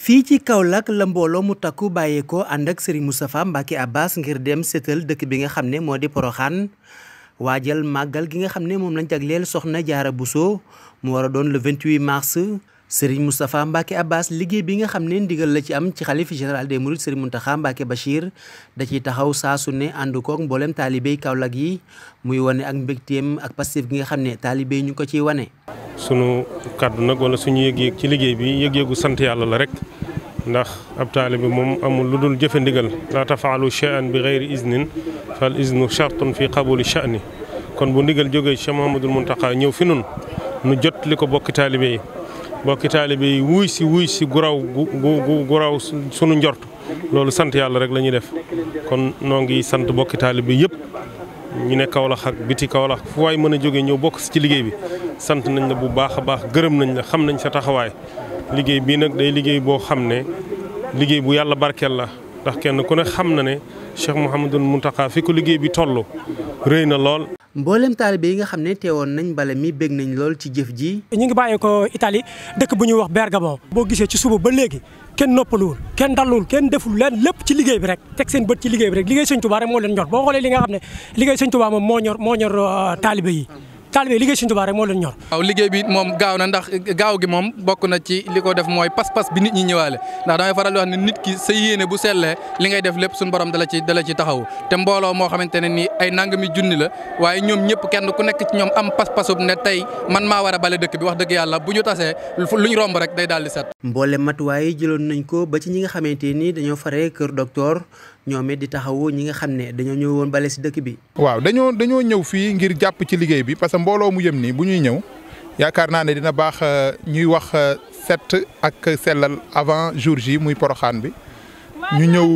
fii ci Kaolack la mbooloo mu takku bàyyeekoo ànd ak Serigne Moustapha Mbacké Abbas ngir dem seetal dëkk bi nga xam ne moo di Poroxaan waajal màggal gi nga xam ne moom lañ jagleel soxna Jaara Bousso mu war a doon le 28 mars Serigne Moustapha Mbacké Abbas liggéey bi nga xam ne ndigal la ci am ci xalif général de mourides Serigne Mountakha Mbacké Bachir da ciy taxaw saa su ne ànd koog mboolem taalibey Kaolack yi muy wane ak mbégteem ak passif gi nga xam ne taalibey ñu ko ciy wane. sunu kàddu nag wala suñu yëg-yëg ci liggéey bi yëg-yëgu sant yàlla la rek ndax ab taalibe moom amul lu dul jëfe ndigal laa tafaalu chean bi geyri iznin fal iznu chartun fi qabuli chani kon bu ndigal jógee Cheikh Mouhamadul Mountakha ñëw fi nun nu jot li ko bokki taalibe yi bokki taalibe yi wuy si wuy si guraw gu guraw sunu njort loolu sant yàlla rek la def kon noo ngi sant bokki taalibe yëpp ñu ne Kaolack ak biti Kaolack fu waay mën a jógee ñëw bokk ci liggéey bi sant nañ la bu baax a baax gërëm nañ la xam nañ sa taxawaay liggéey bii nag day liggéey boo xam ne liggéey bu yàlla barkeel la ndax kenn ku ne xam na ne Cheikh Mouhamadul Mountakha fi ko liggéey bi toll rëy na lool. mboolem taalibe yi nga xam ne teewoon nañ bale mi beg nañ lool ci jëf ji. ñu ngi bàyyi ko Italie dëkk bu ñuy wax Bergamo. boo gisee ci suba ba léegi kenn noppaluwul kenn dalluwul kenn deful leen lépp ci liggéey bi rek te seen bët ci liggéey bi rek liggéey Sëñ Tuubaa rek moo leen ñor boo xoolee li nga xam ne liggéey Sëñ Tuubaa moom moo ñor moo ñor euh, taalibe yi. taalibe liggéey Sëriñ Tuubaa rek moo leen ñor. waaw liggéey bi moom gaaw na ndax gaaw gi moom bokk na ci li ko def mooy pas-pas bi nit ñi ñëwaale ndax damay faral di wax nit ki sa yéene bu sellee li ngay def lépp suñu borom dala ci dala ci taxawu te mbooloo moo xamante ne nii ay nangami junni la waaye ñoom ñëpp kenn ku nekk ci ñoom am pas-pasub ne tey man maa war a bale dëkk bi wax dëgg yàlla bu ñu tasee luñ romb rek day daal di set. mboole matuwaay jëloon nañ ko ba ci ñi nga xamante ni dañoo fare kër docteur ñoom it di taxawu ñi nga xam ne dañoo ñëw woon bale si dëkk bi. waaw dañoo dañoo ñëw fii ngir jàpp ci liggéey bi parce que mbooloo mu jëm nii bu ñuy ñëw yaakaar naa ne dina baax euh, ñuy wax euh, set ak sellal avant jour J muy poroxaan bi ñu ñëw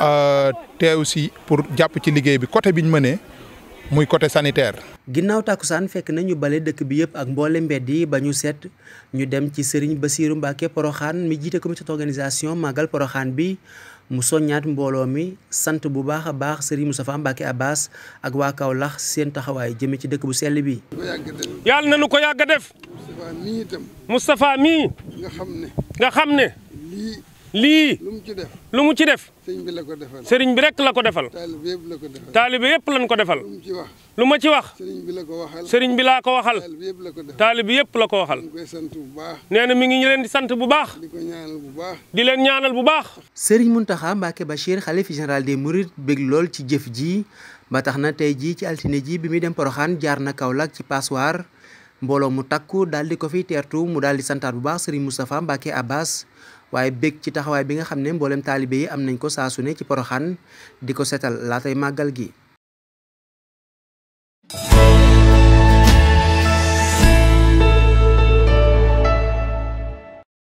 euh, teew si pour jàpp ci liggéey bi côté bi ñu ne muy côté sanitaire. ginnaaw takkusaan fekk nañu bale dëkk bi yëpp ak mboole mbedd ba ñu set ñu dem ci sëriñ Bassirou Mbacke poroxaan mi jiite comité d'organisation màggal poroxaan bi. mu soññaat mbooloo mi sant bu baax a baax Serigne Moustapha Mbacké Abbas ak waa kaw lax seen taxawaay jëme ci dëkk bu sell bi. yàlla na nu ko yàgg a def. Moustapha mii itam. Moustapha mii. nga xam ne. nga xam ne. lii lu mu ci def lu mu def sëriñ bi la rek la ko defal taalibe yëpp la ko defal lañ ko defal lu ma ci wax sëriñ bi la ko sëriñ bi laa ko waxal taalibe yëpp la ko waxal nee na mi ngi ñu leen di sant bu baax di ko ñaanal bu baax di leen ñaanal bu baax sëriñ Mountakha Mbacké Bachir xalifa général des Mourides bëgg lool ci jëf ji ba tax na tey jii ci altine ji bi muy dem Poroxaan jaar na kaw Kaolack ci Passoire mbooloo mu takku daal di ko fiy teertu mu daal di santaat bu baax sëriñ Moustapha Mbacké Abbas waaye bég ci taxawaay bi nga xam ne mboolem taalibe yi am nañ ko saasu ne ci poroxaan di ko setal laatay màggal gi